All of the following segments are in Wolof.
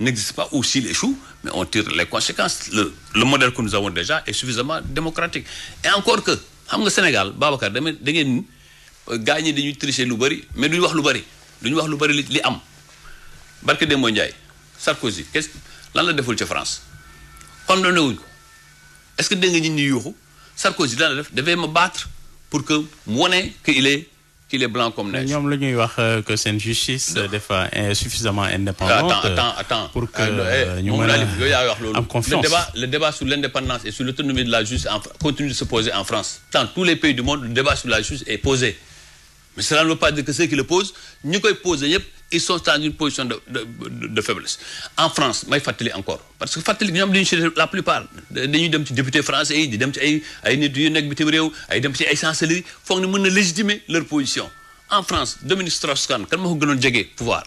n'existe pas ou s'il échoue, mais on tire les conséquences. Le, le modèle que nous avons déjà est suffisamment démocratique. Et encore que, xam nga Sénégal Babacar da ngeen gaa ñi dañuy tricher lu bëri mais duñu wax lu bëri duñu wax lu bëri li am barke Demba Ndiaye Sarkozy quest lan la deful ci France condamné wuñ ko est que dégg nga ñi yuuxu Sarkozy lan la def devait ma battre pour que mu wane que il qu'il est blanc comme neige. ñoom la ñuy wax euh, que seen justice. Euh, dafa suffisamment indépendante. attends pour que eh, euh, ñu mën le débat sur l'indépendance et sur l'autonomie de la justice continue de se poser en France. dans tous les pays du monde le débat sur la justice est posé mais cela ne veut dire que ceux qui le posent ñu koy ils sont dans une position de faiblesse en France may fàttali encore parce que fàttali ñoom dañu si la plupart dañuy dem ci député français yi di dem ci ay ay nit yu nekk bitim réew ay dem ci ay chancellerie foog ne mën na légitimer leur position en France Dominique strauss kan moo ko gënoon jege pouvoir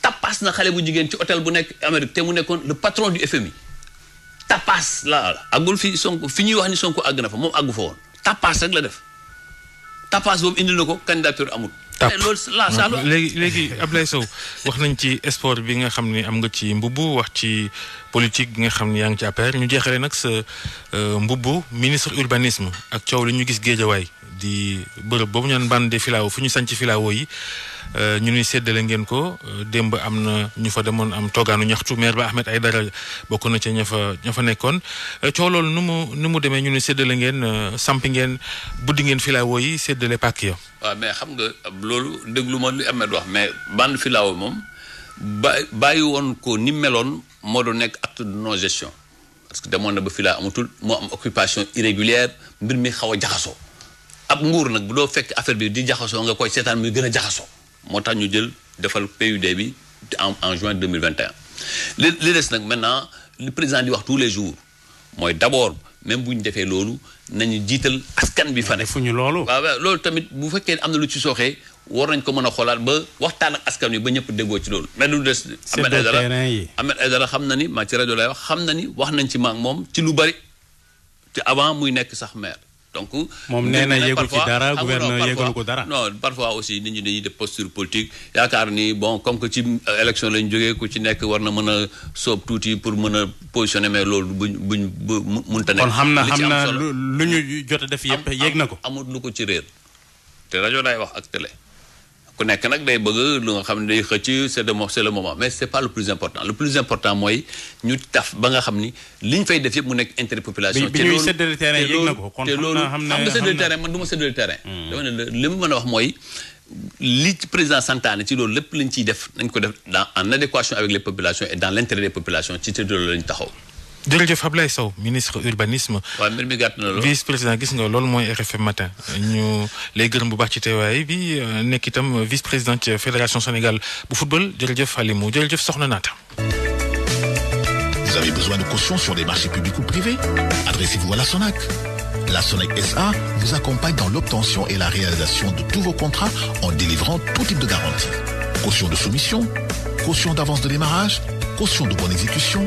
tapas na xale bu jigéen ci hôtel bu nekk Amérique te mu nekkoon le patron du FMI tapas la agul fi Sonko fi ñuy wax ni Sonko àgg na fa moom àggu woon tapas la def tapas boobu indi na ko candidature amul. tap eh, léegi léegi ab Ablaye Sow wax nañ ci sport bi nga xam ne am nga ci mbubb wax ci politique bi nga xam ne yaa ngi ci APR ñu jeexalee nag sa euh, mbubb ministre urbanisme ak coow li ñu gis géejawaay di bërëb boobu ñu naan bande filao fu ñu sanc filao yi euh, ñu nuy séddale ngeen ko euh, démb am na ñu fa demoon am toogaanu ñaxtu maire ba Ahmed dara bokk na ca ña fa ña fa nekkoon euh, coow loolu nu mu nu mu demee ñu nuy séddale ngeen sampi ngeen buddi ngeen filao yi séddale pàkk ya waaw mais xam nga loolu déglu ma li Ahmed wax mais bande filao moom ba bàyyi woon ko ni meloon moo doon nekk acte de non gestion parce que demoon na ba filao amatul moo am occupation irrégulière mbir mi xaw a jaxasoo ab nguur nag bu doo fekk affaire bi di jaxasoo nga koy seetaan muy gën a jaxasoo moo tax ñu jël defal PUD bi en en juin 2021 li li des nag maintenant li président di wax tous les jours mooy d'abord même bu ñu defee loolu nañu jiital askan bi fa fu ñu loolu. waaw loolu tamit bu fekkee am na lu ci sooxee war nañ ko mën a xoolaat ba waxtaan ak askan wi ba ñëpp déggoo ci loolu. mais lu des. Ahmed Aidara Ahmed Aidara xam na ni maa ci rajo lay wax xam na ni wax nañ ci maak moom ci lu bari te avant muy nekk sax maire. donc. moom nee na yëgul ci dara ah, gouverneur yëgul ko dara. non parfois aussi nit ñi dañuy def posture politique yaakaar ni bon comme que ci euh, élection lañ jógee ko ci nekk war na mën a soob tuuti pour mën a positionner mais loolu buñ buñ bu mënta nekk. kon xam na xam na lu ñu jot a def yëpp yéeg na ko. amul lu ko ci réer te rajo lay wax ak télé. ko nekk nag day bëgg lu nga xam ne day xëcc c'est le moment mais c'est pas le plus important le plus important mooy ñu taf ba nga xam ni liñ fay def yëpp mu nekk intérêt population. te loolu te loolu xam nga séddale terrain man du ma séddale terrain. Hmm. dama ne wax mooy li ci président santaane ci loolu lépp lañ ciy def nañ ko def dans en adéquation avec les populations et dans l'intérêt des populations ci te lañ taxaw. jërëjëf Ablaye Sow ministre urbanisme. waaw mbir mi vice président gis nga loolu mooy RFM matin ñu lay gërëm bu baax ci teewaay bi nekk itam vice président ci fédération Sénégal bu football jërëjëf Alimou jërëjëf Soxna Naata. Vous avez besoin de caution sur des marchés publics ou privés? Adressez-vous à la SONAC. SA vous accompagne dans l'obtention et la réalisation de tous vos contrats en délivrant tout type de garantie. Caution de soumission, caution d'avance de démarrage, caution de bonne exécution.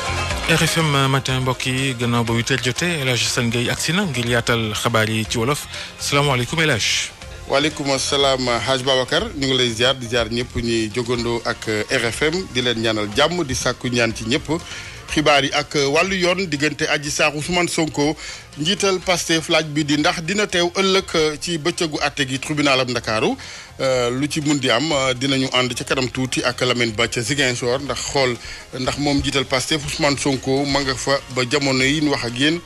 RFM matin mbokk yi gannaaw ba 8h jotee El Hadj Sane Gueye agsi na ngir yaatal xabaar yi ci wolof salaamaaleykum El Hadj. waaleykum salaam Hadj Babacar ñu ngi lay ziar di ziar ñëpp ñuy jógandoo ak RFM di leen ñaanal jàmm di sàkku ñaan ci ñëpp. xibaar yi ak uh, wàllu yoon diggante Adji Sarr Ousmane Sonko njiital Pastef laaj bi di ndax dina teew ëllëg uh, ci bëccëgu àtte gi tribunal am Ndakaaru uh, lu ci mun di am dinañu ànd ca kanam tuuti ak Lamine Ba ca Ziguinchor ndax xool ndax moom njiital Pastef Ousmane Sonko ma nga fa ba jamono yi ñu wax a génn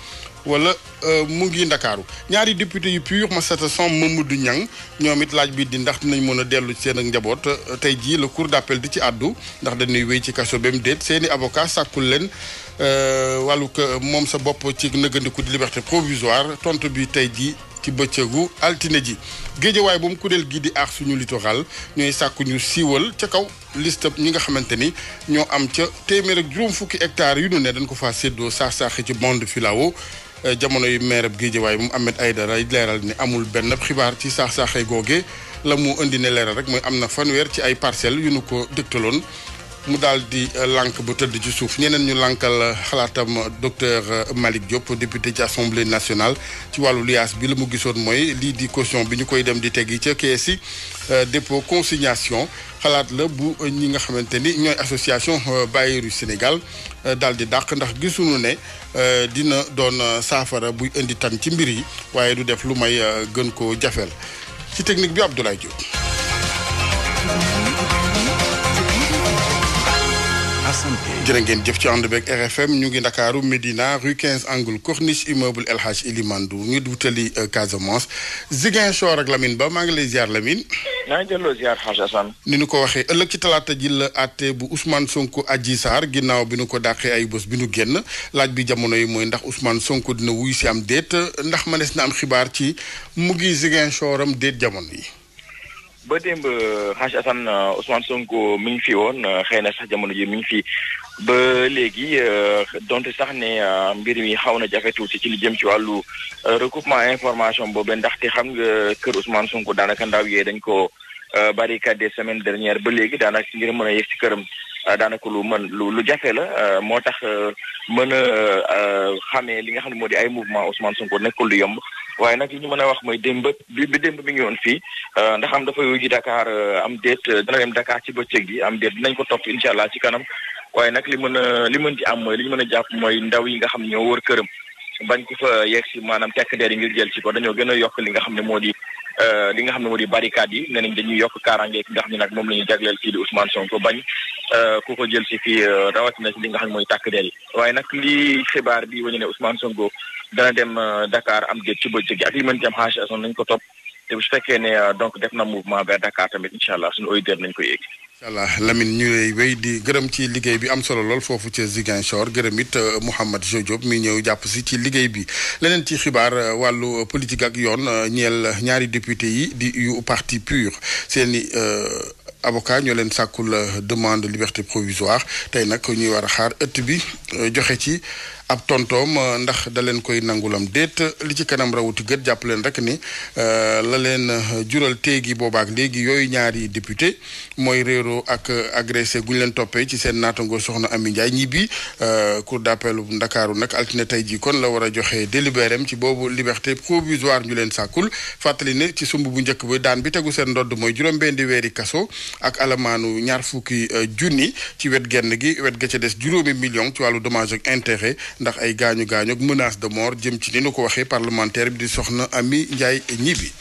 wala euh, mu ngi ndakaaru ñaari député yu pur Massata Samb Mamadou Niang ñoom it laaj bi di ndax nañ mën a dellu ci seen ak njaboot euh, tey jii la cour d'appel di ci àddu ndax dañuy wéy ci kaso ba mu déet seeni avocat sàkkul leen euh, wàllu moom sa bopp ci nëggandiku di liberté provisoire tontu bi tey jii ci bëccëgu altine ji géejawaay bu mu kuréel gii di aar suñu littoral ñooy sàkkuñu ñu siiwal ca kaw liste ñi nga xamante ni ñoo am ca téeméer ak juróom fukki hectares yu nu ne dañ ko faa séddoo saax saaxi ci bande filao jamono yu maire bi mu amet Ahmed Aïdara leeral ni amul benn xibaar ci saax-saaxee googe la mu indi ne leeral rek mooy am na fanweer ci ay parcelles yu nu ko dëgtaloon mu daal di euh, lànk bu tëdd ci suuf ñeneen ñu lànkal euh, xalaatam euh, docteur Malick Diop député ci assemblée nationale ci wàllu liaas bi la mu gisoon mooy lii di caution bi ñu koy dem di teg yi ca kees yi dépôt consignation xalaat la bu ñi nga xamante ni ñooy association bailleurs du Sénégal Euh, daal di dàq ndax gisuñu ne euh, dina doon euh, saafara buy indi tan ci mbir yi waaye du def lu may gën ko jafeel ci technique bi Abdoulaye Diop. Assane Gueye ngeen jëf ci ànd beeg RFM ñu ngi ndakaaru Médina rue 15 angle corniche immeuble El Hadj Elimandou ñu wutali euh, Casamance Ziguinchor ak Lamine Ba maa ngi lay ziar Lamine. ni ñu ko waxee ëllëg ci talaata ji la àtte bu Ousmane Sonko Adji saar ginnaaw bi nu ko dàqee ay bés bi nu génn laaj bi jamono yi mooy ndax Ousmane Sonko dina wuy si am déet ndax mënees na am xibaar ci mu ngi am déet jamono yi. ba démb euh, Hadj Assane euh, Ousmane Sonko mi ngi fi woon euh, xëy na sax jamono ji mi ngi fi ba léegi donte sax ne mbir mi xaw na jafe tuuti ci li jëm ci wàllu recoupement information boobu ndaxte xam nga kër Ousmane Sonko daanaka ndaw yee ko ko barricade semaine dernière ba léegi daanaka ngir mën a ci këram. Euh, daanaka lu mën lu lu jafe la euh, moo tax euh, mën a xamee li nga xam ne moo di ay mouvement Ousmane Sonko nekkul lu yomb waaye nag li ñu mën a wax mooy démb bi bi démb bi ngi woon fii ndax am dafa ji Dakar am déet dana dem Dakar ci bëccëg gi am déet dinañ ko topp incha ci kanam waaye nag li mën a li mën ci am mooy li ñu mën a jàpp mooy ndaw yi nga xam ne ñoo wër këram bañ ko fa yegg si maanaam tekk deer yi ngir jël ci ko dañoo gën a yokk li nga xam ne moo di Euh, li nga xam ne moo di barricade yi nee nañ dañuy yokk kaaraange nga xam ne nag moom la ñu jagleel kii di Ousmane Sonko bañ euh, ku ko jël fi fii euh, rawatina si li nga xam ne mooy tàkk der yi waaye nag lii xibaar bi wañu ne Ousmane Sonko dana dem Dakar am géej ci bëccëg gi ak li mën ci am xaasi nañ ko topp te bu fekkee ne donc def na mouvement vers Dakar tamit incha allah suñu auditeurs nañ ko yéeg incha allah Lamine ñu lay wéy di gërëm ci liggéey bi am solo lool foofu ca Ziguinchor gërëm it euh, Mouhamed Diop mi ñëw jàpp si ci liggéey bi leneen ci xibaar euh, wàllu politique ak yoon euh, ñeel ñaari député yi di yu parti pur seeni avocat ñoo leen sàkkul demande liberté provisoire tey nag ñuy war a xaar ëtt bi joxe ci ab tontoom euh, ndax da leen koy nangulam déet li ci kanam rawuti gët jàpp leen rek ni euh, la leen euh, jural téegi boobaak léegi yooyu ñaari député mooy réeroo ak agressé guñ leen toppee ci seen naatango soxna Ami Ndiaye ñi bi cour d'appelu Ndakaaru nag altine tey jii kon la war a joxe délibéréem ci boobu liberté provisoire ñu leen sàkkul fàttali ne ci sumb bu njëkk bi daan bi tegu seen ndodd mooy juróom-benn weeri kaso ak alamaanu ñaar fukki junni ci wet genn gi wet ga ca des juróomi million ci wàllu dommage ak ndax ay gaañu gaañu ak menace de mort jëm ci ni nu ko waxee parlementaire bi di soxna Ami Ndiaye ñibbi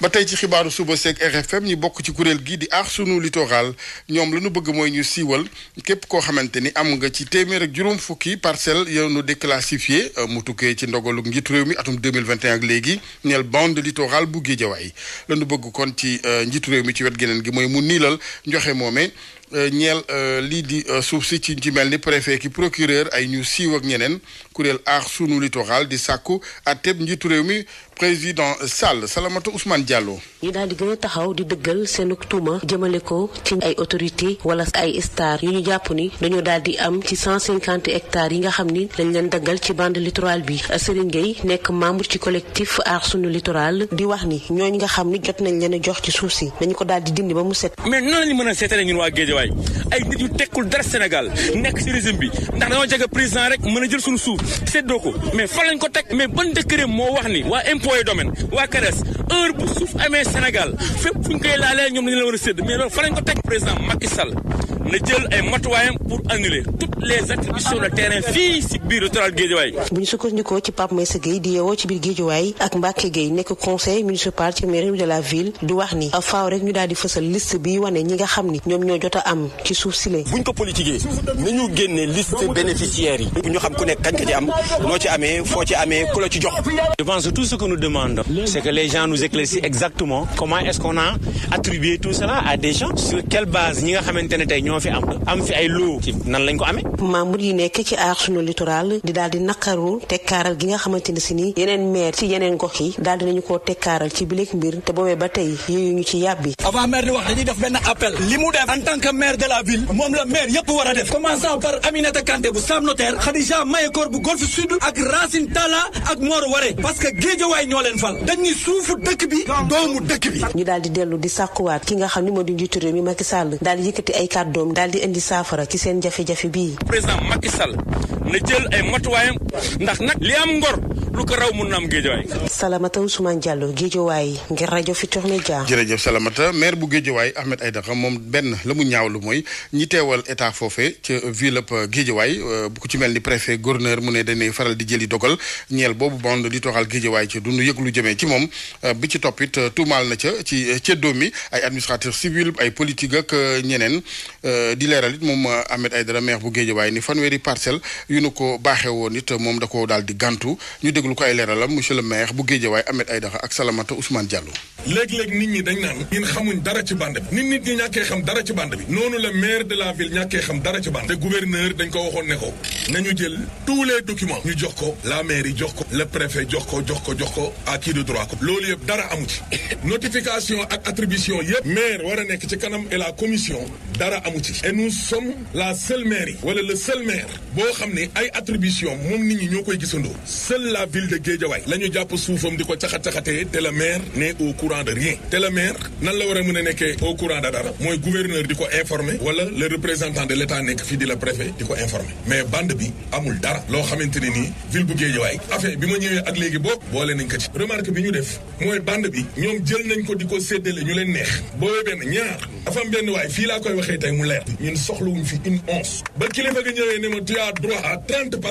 ba tey ci xibaaru suba seeg RFM ñi bokk ci kuréel gii di aar sunu littoral ñoom la ñu bëgg mooy ñu siiwal képp koo xamante ni am nga ci téeméer ak juróom fukki parcelle yow nu déclassifié euh, mu tukkee ci ndogalu njiitu réew mi atum 2021 ak léegi ñeel bande littoral bu Géejawaay la ñu bëgg kon ci euh, njiitu réew mi ci wet geneen gi mooy mu niilal njoxe moome Euh, ñeel euh, lii di euh, suuf si ci ci mel ni préfet ki procureur ay ñu siiw ak ñeneen kuréel aar sunu littoral di sàkku àtteb njiitu réew mi président Sall Salamata Ousmane Diallo. ñi daal di gën a taxaw di dëggal seen tuuma jëmale ko ci ay autorité wala ay star yu ñu jàpp ni dañoo daal di am ci cent yi nga xam ni dañ leen daggal ci bande littorale bi Serigne Gueye nekk membre ci collectif aar sunu littoral di wax ni ñooñu nga xam ni jot nañ leen a jox ci suuf si dañu ko daal di dindi ba mu set. mais noonu la mën a seetalee ñun waa Géejawaay ay nit yu tekkul dara Sénégal nekk ci régime bi ndax a jël suñu suuf séddoo impôts domaine waa CARES heure bu suuf amee Sénégal fépp fu ñu koy laalee ñoom dañu war a sédd mais loolu fa lañ ko teg président Macky Sall na jël ay matuwaayam pour annuler toutes les attributions de terrain fii si biir littoral Guédiawaye. bu ñu sukkandikoo ci Pape Maïssa Gueye di yeewoo ci biir Guédiawaye ak Mbacké Gueye nekk conseil municipal ci mairie du wax ni faaw rek ñu daal di fësal liste wane ñi nga xam ni ñoom ñoo jot a am ci suuf si la. bu ñu ko politiqué nañu génne liste bénéficiaires yi. bu ñu xam ku nekk kañ ka ci am noo ci amee foo ci amee ku la ci jox. je tout ce que nous a attribué tout moo fi am am fi ay loo ci nan lañ ko amee membre yi nekk ci aar sunu littoral di daal naqaru tekkaaral gi nga xamante si ni yeneen maire ci yeneen gox yi daal dinañu koo tekkaaral ci bileeg mbir te boobee ba tey yooyu ñu ci yàbbi avant maire di wax dañuy def benn appel li mu def en tant que maire de la ville moom la maire yëpp war a def commençant par Aminata Kanté bu Sam Notaire Khadija Mayekor bu Golf Sud ak Racine Talla ak Mor Waré parce ñoom di indi saafara ci seen jafe-jafe bii. président Macky Sall na jël ay matuwaayam ndax nag li am ngor. lu ko raw mun na am géejawaay. Salamata Ousmane Diallo géejawaay ngir rajo Futurs Médias. jërëjëf Salamata maire bu géejawaay Ahmed Aïdara moom benn la mu lu mooy ñi teewal état foofe ca ville géejawaay bu euh, ko ci mel ni préfet gouverneur mu ne dañuy faral di jëli dogal ñeel boobu bond di toxal géejawaay ci du nu yëg lu jëmee ci moom euh, bi ci topp it euh, tuumaal na ca ci ceddoo mi ay administrateur civil ay politique ak ñeneen di leeral it moom Ahmed Aïdara maire bu géejawaay ni fanweeri parcelle yu nu ko baaxee woon i moom da ko daal di gàntu déglu ko ay leeralam monsieur le maire bu Guédiawaye Ahmed ko la mairie jox ko le préfet jox ko jox ko jox ko à qui de droit ko loolu yëpp dara amu ci notification ak attribution yëpp maire war nekk ci kanam et la commission dara amu ci et nous sommes la seule mairie wala le seul maire boo xam ne ay attribution moom nit ñi ñoo koy gisandoo ville de Guédiawaye la jàpp suufam di ko caxat-caxatee te le maire n'est au courant de rien te le maire nan la war a mën a nekkee au courant de dara mooy gouverneur di ko informer wala le représentant de l'état nekk fii di la préfet di ko informer mais bande bi amul dara loo xamante ne nii ville bu Guédiawaye affaire bi ma ñëwee ak léegi boobu boole nañ ko remarque bi ñu def mooy bande bi ñoom jël nañ ko di ko séddale ñu leen neex boobee benn ñaar dafa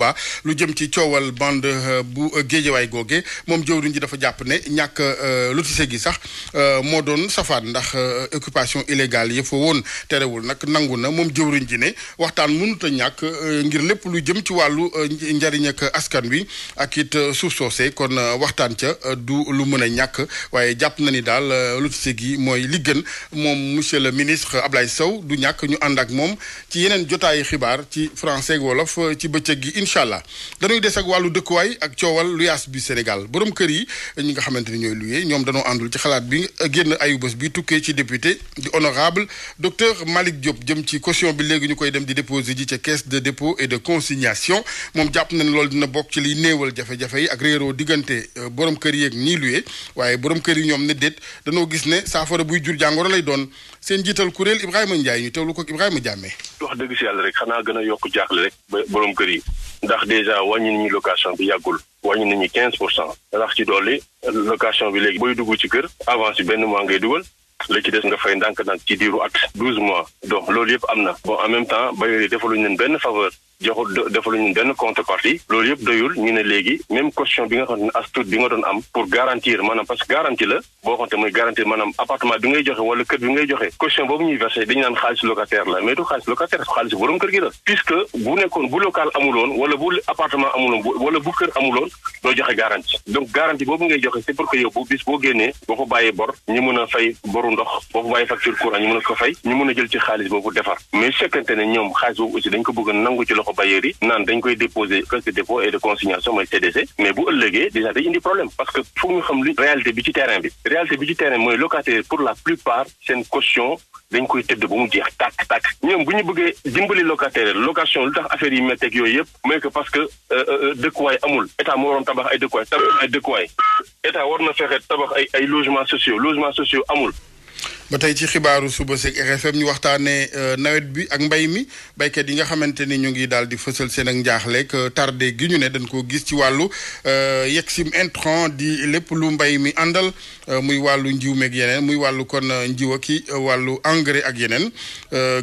Touba lu jëm ci coowal bande euh, bu euh, waay googe moom jëwriñ ji dafa jàpp ne ñàkk euh, lotissé gi sax moo doon safaan ndax occupation illégale yi fa woon terewul nag nangu na moom jëwriñ ji ne waxtaan mënut a ñàkk ngir lépp lu jëm ci wàllu njariñ ak askan wi ak it suuf soosee kon waxtaan ca du lu mën a ñàkk waaye jàpp na ni daal lotissé gi mooy li gën moom monsieur le ministre Ablaye Sow du ñàkk ñu ànd ak moom ci yeneen jotaayu xibaar ci français wolof ci bëccëg incha allah dañuy des ak wàllu dëkkwaay ak coowal luyaas bi Sénégal borom kër yi ñi nga xamante ni ñooy luyee ñoom dañoo àndul ci xalaat bi génn ayu bés bi tukkee ci député di honorable docteur Malick Diop jëm ci caution bi léegi ñu koy dem di déposer ji ca caisse de dépôt et de consignation moom jàpp nañ loolu dina bokk ci liy néewal jafe-jafe yi ak réeroo diggante euh, borom kër yi ak ñii luyee waaye borom kër yi ñoom ne déet danoo gis ne saafara buy jur jàngoro lay doon seen jiital kuréel Ibrahima Ndiaye ñu teewlu ko Ibrahima Diamé wax dëgg si yàlla rek xanaa gën a yokk jaaxle rek borom kër yi ndax déjà wañu nañu location bi yàggul wàññi nañu quinze pour cent ndax ci dolli location bi léegi booy dugg ci kër avance bi benn mois ngay dugal la ci des nga fay ndànk-ndànk ci diiru at douze mois donc loolu yëpp am na bon en même temps bailleurs yi defaluñu leen benn faveur joxul defaluñu benn contrepartie loolu yëpp doyul ñu ne léegi même caution bi nga xam ne as bi nga doon am pour garantir maanaam parce que garantie la boo xam muy garantir maanaam appartement bi ngay joxe wala kër bi ngay joxe caution boobu ñuy versé dañu naan xaalis locataire la mais du xaalis locataire xaalis borom kër gi la puisque bu nekkoon bu local amuloon wala bu appartement amuloon wala bu kër amuloon doo joxe garantie donc garantie boo a fay boru ndox loxo bailleurs yi naan dañ koy déposer caisse de dépôt et de consignation mooy CDC mais bu ëllëgee déjà day indi problème parce que foog ñu xam réalité bi ci terrain bi réalité bi ci terrain mooy locataire pour la plupart seen caution dañ koy tëdd ba mu jeex tàkk tàkk ñoom bu ñu bëggee dimbali locataire location lu tax affaire yi métteeg yooyu yëpp mooy que parce que euh, euh, euh, dëkkuwaay amul état moo waroon tabax ay dëkkuwaay tabax ay dëkkuwaay état war na fexe tabax ay ay logements sociaux logements sociaux amul ba tey ci xibaaru suba seeg RFM ñu waxtaanee euh, nawet bi ak mbay mi baykat yi nga xamante ni ñu ngi daal di fësal seen ak njaaxleeg euh, tardé gi ñu ne dañ ko gis ci wàllu euh, yegsim intrant di lépp lu mbay mi àndal muy wàllu njiw meeg yeneen muy wàllu kon njiw ak wàllu engrais ak yeneen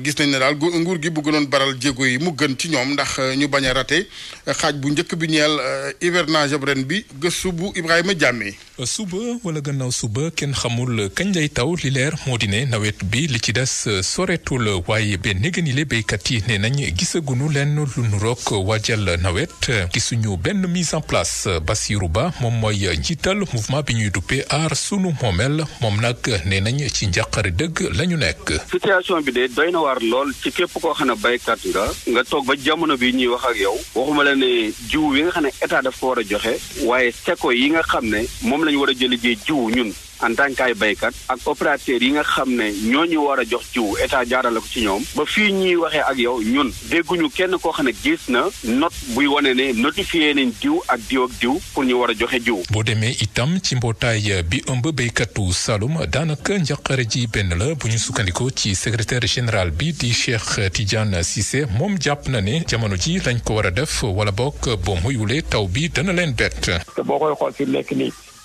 gis nañ ne daal nguur gi bëgg noon baral jéego yi mu gën ci ñoom ndax ñu bañ a raté xaaj bu njëkk bi ñeel hivernage ab ren bi gëstu bu Ibrahima Jàmme suba wala gannaaw suba kenn xamul kañ lay leer moo ne nawet bi li ci des euh, soreetul waaye ba néganile béykat yi nee nañ gisagunu leen lu nu roog waajal nawet gisuñu benn mise en place euh, Bassirou Ba moom mooy njiital mouvement bi ñuy duppee aar sunu moomeel moom nag nee nañ ci njàqare dëgg la ñu nekk. situation bi de doy na waar lool ci képp koo xam ne béykat nga nga toog ba jamono bi ñuy wax ak yow waxuma la ne jiw yi nga xam ne état daf ko war a joxe waaye seko yi nga xam ne moom la ñu war a jëli jiw ñun. en tant que ay ak opérateurs yi nga xam ne ñoo ñu war a jox jiw état jaarale ko ci ñoom ba fii ñuy waxee ak yow ñun dégguñu kenn koo xam ne gis na not buy wane ne notifié nañ diw ak diw ak diw pour ñu war a joxe jiw. boo demee itam ci mbootaay bi ëmb béykatu Saloum daanaka njaqare ji benn la bu ñu sukkandikoo ci secretaire général bi di Cheikh Tidiane Cissé moom jàpp na ne jamono ji lañ ko war a def wala bokk boo muyulee taw bi dana leen bett.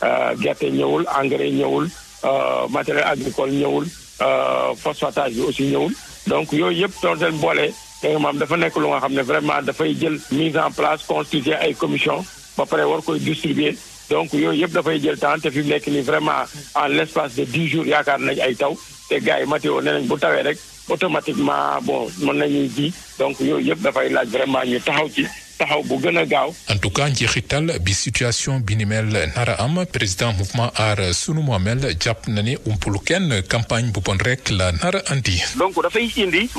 Euh, gerte ñëwul engrais ñëwul euh, matériel agricole ñëwul euh, phosphatage bi aussi ñëwul donc yooyu yëpp soo leen boolee da nga maam dafa nekk lu nga xam ne vraiment dafay jël mise en place constituer ay commission ba pare war koy distribuer donc yooyu yëpp dafay jël temps te mu nekk nii vraiment en l' espace de dix jours yaakaar nañ ay taw te gars yi météo nee nañ bu tawee rek automatiquement bon mën nañuy ji donc yooyu yëpp dafay laaj vraiment ñu taxaw ci taxaw bu gën a gaaw. en tout cas njeexital bi situation bi ni mel nara am président mouvement aar sunu moomel jàpp na ne umpulu kenn campagne bu bon rek la nara andi. donc dafay indi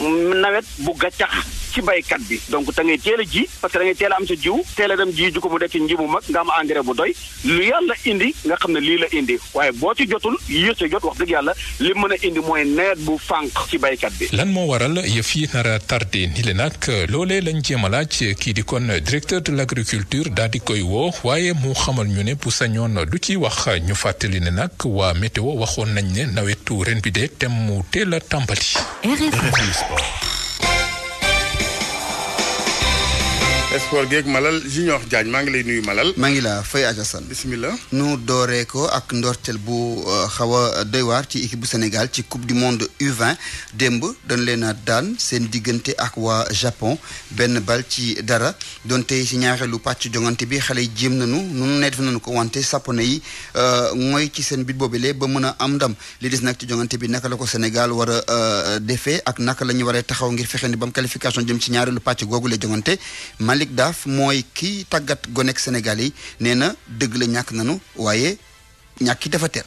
nawet bu gàccax ci baykat bi donc da ngay teel ji parce que da ngay teel a am sa jiw teel a dem ji ju ko mu dekk nji bu mag nga am engrais bu doy lu yàlla indi nga xam ne lii la indi waaye boo ci jotul yéex a jot wax dëgg yàlla li mën a indi mooy nawet bu fànq ci baykat bi. lan moo waral yëf yi nara tardé ni le nag loolee kii di kon directeur de l' agriculture daal di koy woo waaye mu xamal ñu ne bu sañoon du ci wax ñu fàttali ne nag waa météo waxoon nañ ne nawetu ren bi de tem mu teel a tàmbali. sport geeg Malal Junior Diagne maa ngi lay nuyu Malal. maa ngi laa fay Ajasan. bisimilah. nu dooree ko ak ndorteel bu euh, xaw a doy ci équipe bu Sénégal ci coupe du monde U20 démb dañ leen a daan seen diggante ak waa Japon benn bal ci dara donte si ñaareelu pàcc jongante bi xale yi jéem nañu nu nekk nañu ko wante sapone yi euh, mooy ci seen bit boobule ba mën a am ndam li des ci jongante bi naka la ko Sénégal war a euh, defee ak naka la ñu waree taxaw ngir fexe ni ba mu qualification jëm ci ñaareelu pàcc googu la jongante Malick Daaf mooy kii tàggat ak Sénégal yi nee na dëgg la ñàkk nanu waaye ñàkki dafa teel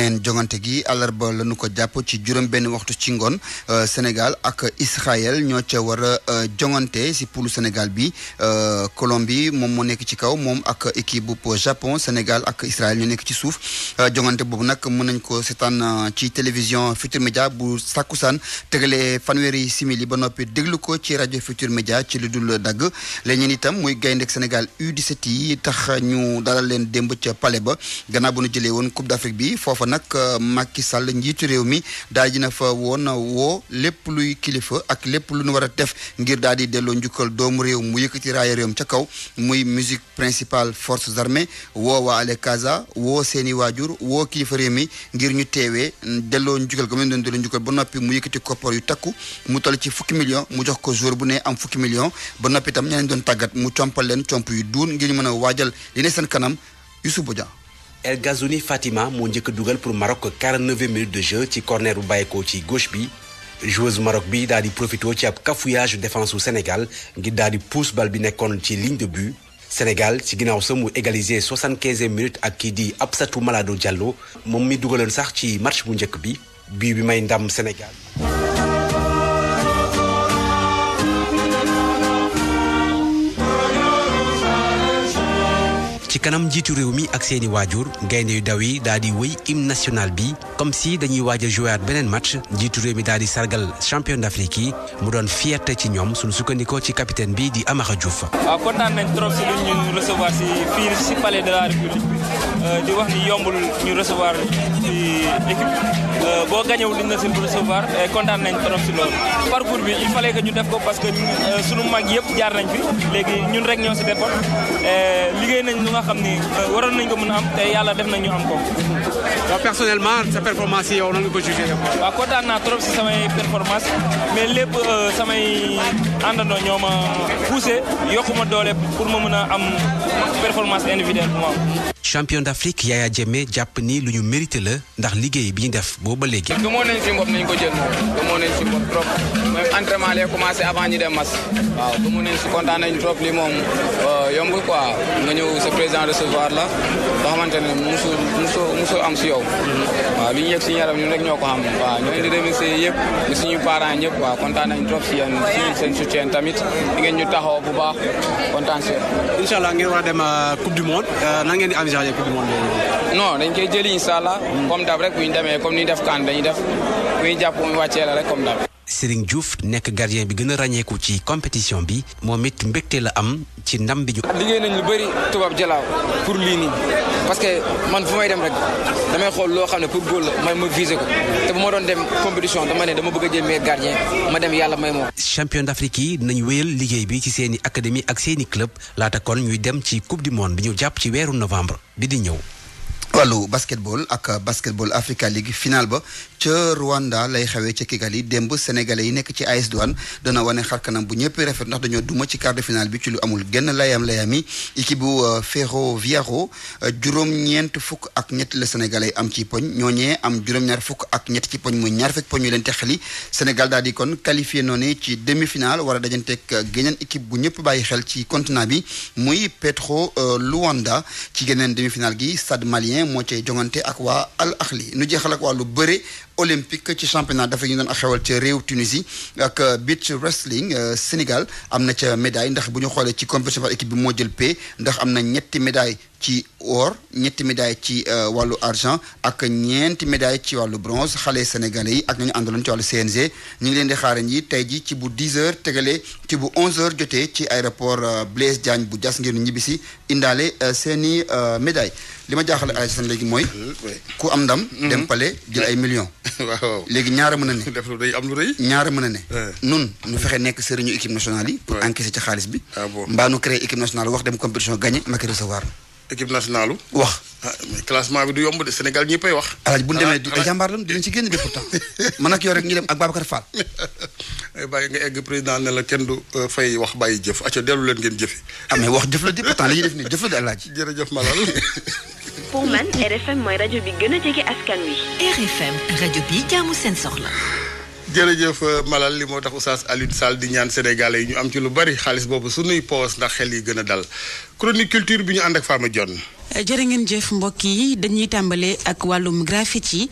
neen jongante gi àllarba lañu ko jàpp ci juróom benn waxtu ci ngoon euh, Sénégal ak Israël ñoo ca war a euh, jongante si poulu Sénégal bi euh, Colombie moom moo nekk ci kaw moom ak équipe bu Japon Sénégal ak Israël ñoo nekk ci suuf jongante boobu nag mën nañ ko seetaan ci télévision Futur Média bu sàkkusaan tegalee fanweeri simili ba noppi déglu ko ci rajo Futur Média ci lu dul dagg léeg-léeg itam muy gaynde Sénégal U17 yi tax ñu dalal leen démb ca Palais ba nag euh, Macky Sall njiitu réew mi daal dina fa woon euh, woo lépp luy kilifa ak lépp lu nu war a def ngir daal di delloo njukkal doomu réew mu yëkkati raaya réewam ca kaw muy musique principal forces armées woo waa ale woo seeni waajur woo kilifa réew mi ngir ñu teewee mm, delloo njukkal ga mu doon delloo njukkal ba noppi mu yëkkati koppar yu takku mu toll ci fukki million mu jox ko jour bu ne am fukki million ba noppi itam ñeneen doon tàggat mu compal leen comp yu duun ngir ñu mën a waajal li seen kanam Youssouf Bodian El Ghazouni Fatima moo njëkk dugal pour Maroc 49 minutes de jeu ci corner bu bàyyeekoo ci gauche bi joueuse Maroc bi daal di profito ci ab cafouillage défense su Sénégal ngir daal di pousse bal bi nekkoon ci ligne de bu Sénégal ci ginnaaw sa mu égalisé 75e minute ak kii di Absatou Malado Diallo moom mi dugaloon sax ci match bu njëkk bi bii bi may ndam Sénégal. ci kanam njiitu réew mi ak seeni waajur gaynde yu daw yi daal di wëy hymne national bi comme si dañuy waaj a beneen match njiitu réew mi daal di sargal champion d'Afrique yi mu doon fierté ci ñoom suñu sukkandikoo ci capitaine bi di Amara Diouf. waaw kontaan nañ trop si lu ñu recevoir si fii si palais de la République euh, di wax ni yombul ñu recevoir euh, boo gañewul liñ la si recevoir kontaan nañ trop si ñu def ko parce que euh, sunu mag yëpp jaar nañ fi nga xam ni euh, waroon nañ ko mën a am te yàlla def nañ ñu am ko. waaw personnellement sa performance yow nan nga ko jugé yow. waaw kontaan naa trop si samay performance mais lépp euh, samay àndandoo ñoo ma poussé yokku ma doole pour ma mën a am performance individuelle bu champion d'Afrique Yaya Jammeh jàpp ni lu ñu mérité la ndax liggéey bi ñu def booba léegi. gëmoon nañ suñu bopp nañ ko moom gëmoon nañ suñu bopp trop même entraînement lay commencé avant ñu dem match waaw gëmoon nañ si kontaan trop li moom euh, yomb quoi nga ñëw sa président recevoir la ba xamante ne musul am si yow. waaw li ñu yëg suñu yaram ñun rek ñoo ko xam waaw ñoo ngi remercier yëpp ñu suñu parents ñëpp waaw kontaan nañ trop si yéen si seen tamit di ñu taxaw bu baax kontaan si incha allah ngeen war a dem euh, coupe du monde euh, nan ngeen di envisager coupe du monde non dañ koy jëli incha allah comme dab rek bu ñu demee comme ni ñu def kan dañuy def bu ñu jàpp mu wàccee la rek comme dab Serigne Diouf nekk gardien bi gën a ràññeeku ci compétition bi moom it mbégte la am ci ndam bi ñu. liggéey nañ lu bëri tubaab jalaaw pour lii nii parce man fu may dem rek damay xool loo xam ne pour góol la man ma visé ko te bu ma doon dem compétition dama ne dama bëgg a jël meilleur gardien ma dem yàlla may moo. champion d'Afrique yi nañ wéyal liggéey bi ci seeni académie ak seeni club laata kon ñuy dem ci coupe du monde bi ñu jàpp ci weeru novembre bi di ca Rwanda lay xewee ca Kigali demb sénégalais yi nekk ci AS Douane dana wane xarkanam bu ñëpp rafet ndax dañoo duma ci quart de finale bi ci lu amul genn layam layami équipe bu euh, Ferroviaro euh, juróom-ñeent fukk ak ñett la sénégalais am ci poñ ñooñee am juróom fukk ak ñett poñ ñaar fekk poñ yu leen texali Sénégal daal di kon qualifié noonu ci demi-finale war a dajanteeg euh, geneen équipe bu ñëpp bàyyi xel ci continent bi muy Petro Luanda ci geneen demi-finale gi Stade Malien moo cay jongante ak waa Al Ahli nu jeexal ak waa lu bëre olympique ci championnat dafa ñu doon a xewal ca réew Tunisie ak euh, beach wrestling euh, Sénégal am na ca médaille ndax bu ñu xoolee ci compétition par équipe bi moo jël p ndax am na ñetti médaille ci or ñetti médaille ci euh, wàllu argent ak ñeenti médaille ci wàllu bronze xale sénégalais yi ak nañu àndaloon ci wàllu CNG ñu ngi leen di xaaran yi tey ji ci bu 10 heures tegalee ci bu 11 heures jotee ci aéroport euh, Blaise Diagne bu jas ngeen ñibbisi indaale euh, seeni médaille li ma jaaxale Alaaji San léegi mooy ku am ndam mhm. dem pale jël ay millions waaw léegi ñaara mën a ne def lu rëy am ñaara mën a ne nun ñu fexe nekk sëriñu équipe nationale yi pour encaisser ci xaalis bi ah mbaa nu créé équipe nationale wax dem compétition gagné maki recevoir équipe nationale. wax ah, classement bi du yomb de Sénégal ñëppay wax. alaaj bu ñu demee du ah, jàmbaar di dinañ ci génn de pourtant man ak yow rek ñu dem ak Babacar Fall. bàyyi nga egg président ne la kenn du euh, fay wax bàyyi jëf acca dellu leen ngeen jëfi. ah mais wax jëf la di pourtant li ñuy def nii jëf la di alaaj. jërëjëf Malal. pour man RFM mooy rajo bi gën a jege askan wi. RFM rajo bi jaamu seen soxla. jërëjëf euh, Malal li moo tax Oustaz Alioune Sall di ñaan Sénégalais yi ñu am ci lu bari xaalis boobu sunuy poos ndax xel yi gën a dal chronique culture bi ñu ànd ak Fama Dione jërë ngeen jëf mbokk yi dañuy tàmbale ak wàllum graffiti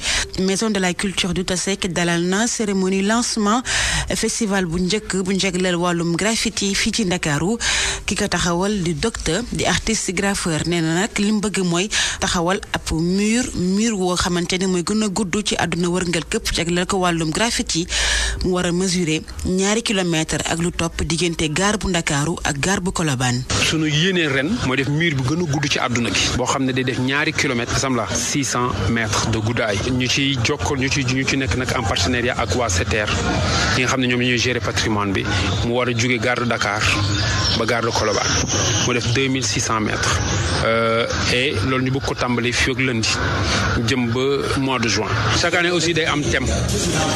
maison de la culture du Tasek dalal na cérémonie lancement festival bu njëkk bu njagleel wàllum graffiti fii ci ndakaaru ki ko taxawal di docteur di artiste graffeur nee na nag li mu bëgg mooy taxawal ab mur mur woo xamante ne mooy gën a gudd ci àdduna wërngal këpp jagleel ko wàllum graffiti mu war a mesurer ñaari kilomètre ak lu topp diggante gaar bu ndakaaru ak gaar bu kolobaan sunu yéenee ren bu gën a ci àdduna gi boo xam ne day def ñaari kilomètres sam la six cent mètres de guddaay ñu ci jokkoo ñu ci ñu ci nekk nag en partenariat ak waa SETER ñi nga xam ne ñoom ñooy gérer patrimoine bi mu war a jóge gare de Dakar ba gare de Colobane mu def deux mille six cent mètres euh, loolu ñu bëgg ko tàmbali fii ak lundi jëm ba mois de juin chaque année aussi day am thème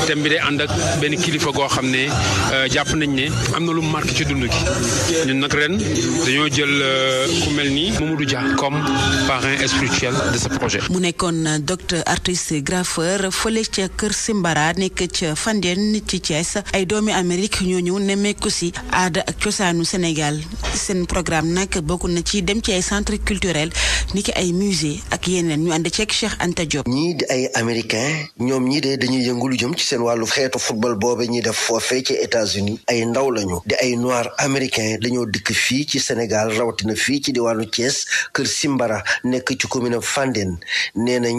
thème bi de ànd ak benn kilifa goo xam ne euh, jàpp nañ ne am na lu marqué ci dund gi ñun nag ren dañoo jël euh, ku mel ni Mamadou Dia comme parrain spirituel de ce projet. mu nekkoon docteur artiste graffeur fële ca Kër Simbara nekk ca Fandène ci Thiès ay doomi Amérique ñoo ñëw nemmeeku si aada ak cosaanu Sénégal seen programme nag bokk na ci dem ci ay centre culturel ni ki ay musée ak yeneen ñu ànd ceeg Cheikh Anta ñii di ay américain ñoom ñii de dañuy yëngu lu jëm ci seen wàllu xeetu football boobe ñuy def foofee ci États-Unis ay ndaw lañu di ay noir américain dañoo dikk fii ci Sénégal rawatina fii ci wàllu Thiès kër Simbara nekk ci commune Fandène nee nañ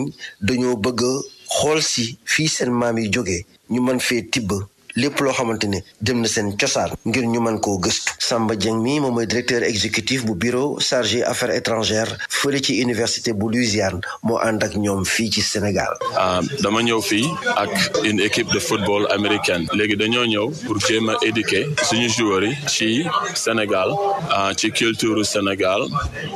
dañoo bëgg xool si fii seen maam yi jóge ñu mën fee tibb. lépp loo xamante ne jëm na seen cosaan ngir ñu man koo gëstu Samba Dieng mi moom mooy directeur exécutif bu bureau chargé affaires étrangères fële ci université bu Louisiane moo ànd ak ñoom fii ci Sénégal. Ah, dama ñëw fii ak une équipe de football américaine léegi dañoo ñëw pour jéem a éduquer suñu joueurs yi ci Sénégal ah, ci culture Sénégal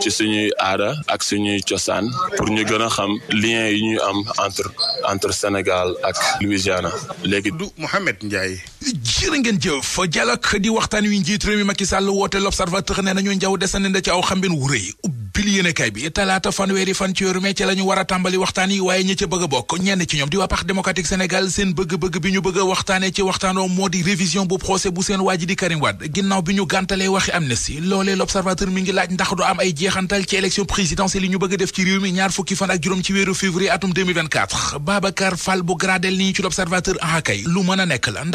ci suñuy aada ak suñuy cosaan pour ñu gën a xam lien yi ñuy am entre entre Sénégal ak Louisiane léegi du Mohamed Ndiaye ngeen jëf dialogue di waxtaan wi njiit mi Macky Sall woote l'observateur ne nañu njaw desandi na ci aw xambin wu rëy pil yéene kay bi talaata fanweeri fan ci weeru mai ci la ñu a tàmbali waxtaan yi waaye ñi ca a bokk ñenn ci ñoom di waa Parti démocratique Sénégal seen bëgg-bëgg bi ñu bëgg a waxtaane ci waxtaanoo moo di révision bu procès bu seen waa di Karim ginnaaw bi ñu gàntalee waxi amnistie loolee l'observateur mi laaj ndax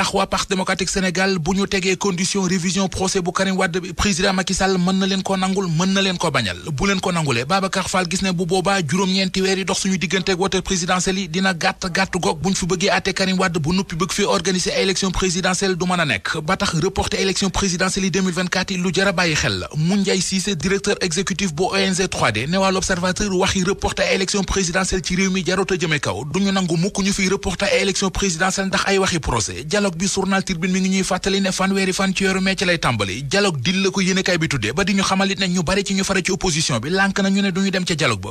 ndax waa parti Sénégal bu ñu tegee condition révision procès bu Karim bi président Macky mën na leen ko nangul mën na leen ko bañal bu leen ko nangulee Babacar Fall gis ne bu boobaa juróom-ñeenti weer yi dox suñu digganteeg wote présidentielle dina gàtt gàtt goog bu ñu fi bëggee àtte Karim bu nuppi bëgg fee organiser ay présidentielle du mën a nekk ba tax reporter élection présidentielle yi lu jar bàyyi xel la Moundiaye Cissé directeur dialogue bi journal Tribune mi ngi ñuy fàttali ne fanweeri fan ci yoru mee lay tàmbali dialogue dil la ko yéenekaay bi tuddee ba di ñu xamalit ne ñu bari ci ñu fare ci opposition bi lànk nañu ne duñu dem ca dialogue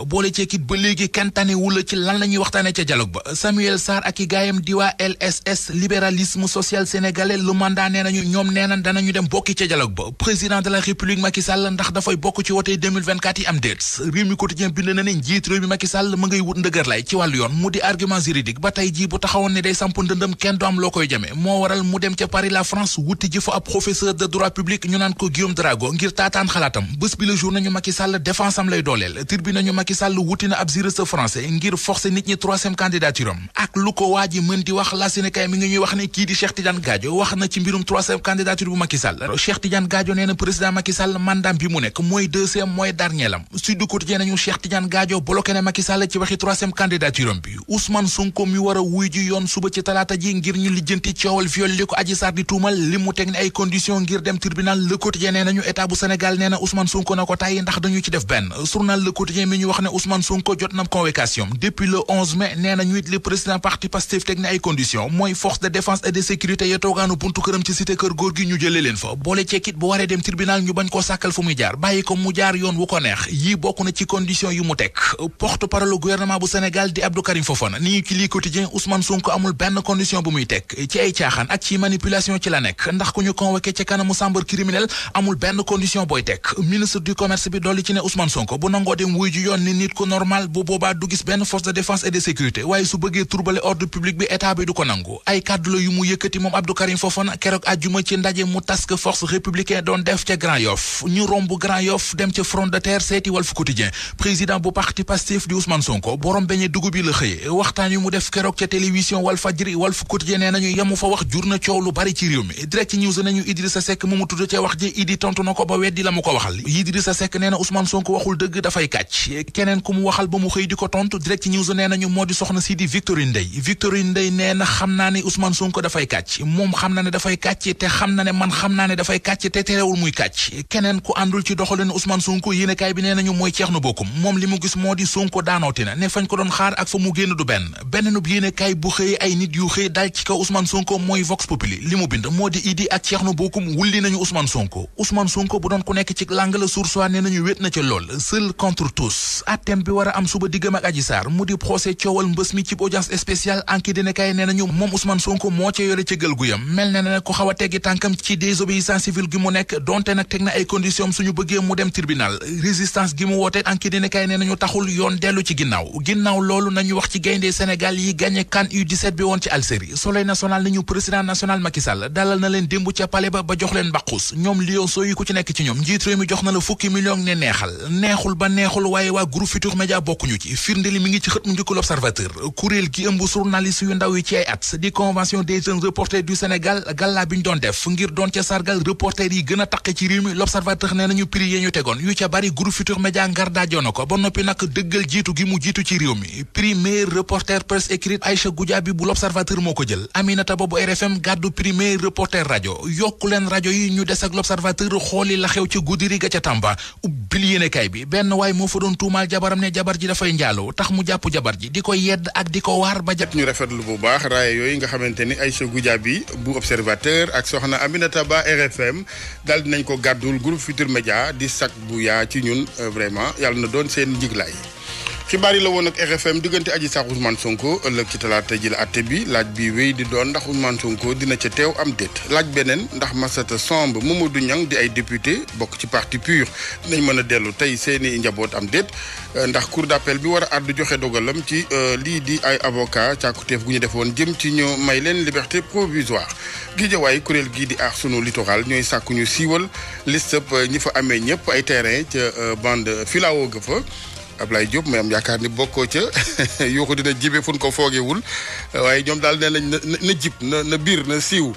ba Samuel Sarr ak i gaayam di LSS libéralisme social sénégalais lu mandat nee nañu ñoom nee nañ dem bokki ca dialogue ba président de la république Macky ndax dafay bokk ci wote yi am déet réew mi bind na ne njiit réew mi ma moo waral mu dem ca Paris la France wuti ji fa ab professeur de droit public ñu naan ko Guillaume Drago ngir taataan xalaatam bés bi le jour nañu Macky Sall lay dooleel tribune nañu Macky wuti na ab juriste français ngir forcer nit ñi troisième candidature ak lu ko waa mën di wax la Sénégal mi ngi ñuy wax ne kii di Cheikh Tidiane Gadio wax na ci mbirum troisième candidature bu Macky Sall Cheikh Tidiane Gadio président Macky Sall bi coowal viol li ko Adji Sarr di tuumal li mu teg ni ay condition ngir dem tribunal Le Quotidien nee nañu état bu Sénégal nee na Ousmane Sonko na ko tàyyi ndax dañu ci def benn journal Le Quotidien mi ñu wax ne Ousmane Sonko jot na convocation depuis le 11 nee nañu it président parti Pastef teg ni ay condition mooy force de défense et de sécurité ya toogaanu buntu këram ci cité kër góor gi ñu jëlee leen fa boole cekkit caaxaan ak ci manipulation ci la nekk ndax ku ñu convoqué ci kanamu chambre criminelle amul benn condition booy teg ministre du commerce bi dolli ci ne Ousmane Sonko bu nangoo dem wuy ju yoon nit ku normal bu boobaa du gis benn force de défense et de sécurité waaye su bëggee turbale ordre public bi état bi du ko nangu ay kàddu yu mu yëkkati moom Abdou Karim keroog àjjuma ci ndaje mu task force républicain doon def ca Grand Yoff ñu romb Grand Yoff de wax jur na coow lu bari ci réew mi direct news nañu Idrissa Seck mu mu tudd ca wax ji Idi tontu na ko ba weddi la ko waxal Idrissa waxul dëgg dafay kàcc keneen ku mu waxal ba moo di soxna si di na xam naa ne Ousmane Sonko dafay na ne dafay kàcc te xam na ne man xam naa ne dafay kàcc te terewul muy kàcc ci doxalin Ousmane Sonko yéenekaay bi nee nañu mooy Ceerno Bokkum moom li mu gis moo di Sonko daanooti na ne fañ ko doon xaar ak fa mu génn du benn beneen bu yéenekaay bu xëy ay nit yu xëy dal ci kaw Ousmane Sonko moom mooy Vox Populi li mu bind moo di Idi ak Thierno Bocoum wulli nañu Ousmane Sonko Ousmane Sonko bu doon ku nekk ci làng la source ne nañu wét na ca lool seul contre tous attem bi war a am suba diggam ak Adji Sarr mu di procès coowal mbës mi ci audience spéciale enquête dina kay nee nañu moom Ousmane Sonko moo ca yore ca gël gu yam mel ne na ko xaw a teggi tànkam ci désobéissance civile gi mu nekk donte nag teg na ay conditions suñu bëggee mu dem tribunal résistance gi mu woote enquête dina kay nee nañu taxul yoon dellu ci ginnaaw ginnaaw loolu nañu wax ci gaynde Sénégal yi woon ci président national Macky Sall dalal na leen démb ca palais ba ba jox leen mbaqus ñoom lionceaux yi ku ci nekk ci ñoom njiit gi ëmb journaliste yu yi mu jiitu ci réew mi prix reporter presse écrite Aïcha Goudiaby bu l'Observateur moo ko jël Aminata boobu RFM gàddu primaire reporter rajo yokk leen rajo yi ñu des ak l'observateur xooli la xew ci guddiri ga ca Tamba ubbil yéene kay bi benn waay moo fa doon tuumaal jabaram ne jabar ji dafay njaaloo tax mu jàpp jabar ji di ko yedd ak di ko waar ba jàpp ñu lu bu baax raaye yooyu nga xamante ni Aïcha Goudiaby bu observateur ak soxna Aminata Ba RFM daal nañ ko gàddul groupe Futur Média di sac bu yaa ci ñun euh, vraiment yàlla na doon seen njiglaay xibaar yi la woon ak RFM diggante aji sax Ousmane Sonko ëllëg ci talaate ji la àtte bi laaj bi wéy di doon ndax Ousmane Sonko dina ca teew am déet laaj beneen ndax Massata Samb du Niang di ay député bokk ci parti PUR nañ mën a dellu tey seeni njaboot am déet euh, ndax cour d'appel bi war a àddu joxe dogalam ci euh, lii di ay avocat càkkutéef gu ñu defoon jëm ci ñu may leen liberté provisoire gi jëwaay kuréel gii di aar sunu littoral ñooy sàkku ñu siiwal liste euh, ñi fa amee ñëpp ay terrain ca bande filao ga Ablaye Diop mais am yaakaar ni bokkoo ca yuuxu dina jibe fu ko foogewul waaye ñoom daal nee nañ na jib na na biir na siiw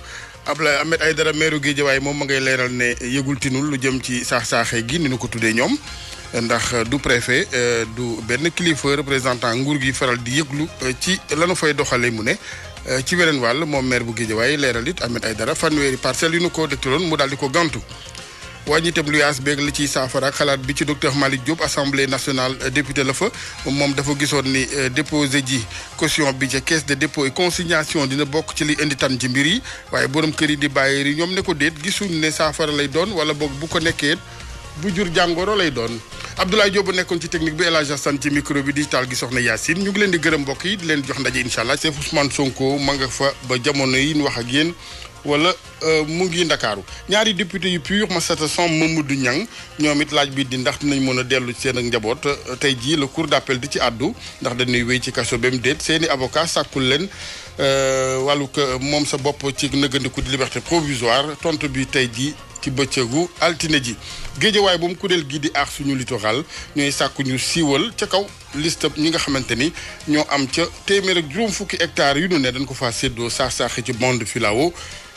Ablaye Ahmed Aïdara meeru Guédiawaye moom ma ngay leeral ne yëgul tinul lu jëm ci saax-saaxee gi nu ñu ko tuddee ñoom ndax du préfet euh, du benn kilifa représentant nguur gi faral di yëglu euh, ci lanu fay doxale mu ne euh, ci weneen wàll moom maire bu Guédiawaye leeral it ay Aïdara fanweeri parcelle yu nu ko dëkkaloon mu daal di ko gantu wàññi itam luyaas beeg li ciy saafara xalaat bi ci docteur Malick Diop assemblée nationale euh, député la fa moom dafa gisoon ni euh, déposé ji caution bi ca caisse de dépôt et consignation dina bokk ci li indi tan ci mbir yi waaye borom kër yi di bàyyi yi ñoom ne ko déet gisuñ ne saafara lay doon wala boog bu ko nekkee bu jur jàngoro lay doon Abdoulaye Diop nekkoon ci technique bi El Hadj Assane ci micro bi digital gi soxna Yacine ñu ngi leen di gërëm mbokk yi di leen jox ndaje incha allah Sonko ma nga fa ba jamono yi ñu wax ak yéen. wala euh, mu ngi ndakaaru ñaari député yu pur Massata Samb Mamadou Niang ñoom it laaj bi di ndax nañ mën a dellu ci seen ak njaboot euh, tey jii la cour d'appel di ci àddu ndax dañuy wéy ci kaso beem mu seeni avocat sàkkul leen euh, wàllu moom sa bopp ci nëggandiku di liberté provisoire tontu bi tey jii ci bëccëgu altine ji géejawaay bu mu kuréel gii di aar suñu littoral ñooy sàkku ñu siiwal ca kaw liste ñi nga xamante ni ñoo am ca téeméer ak juróom fukki hectares yu nu ne dañ ko faa séddoo saax saaxi ci bande filao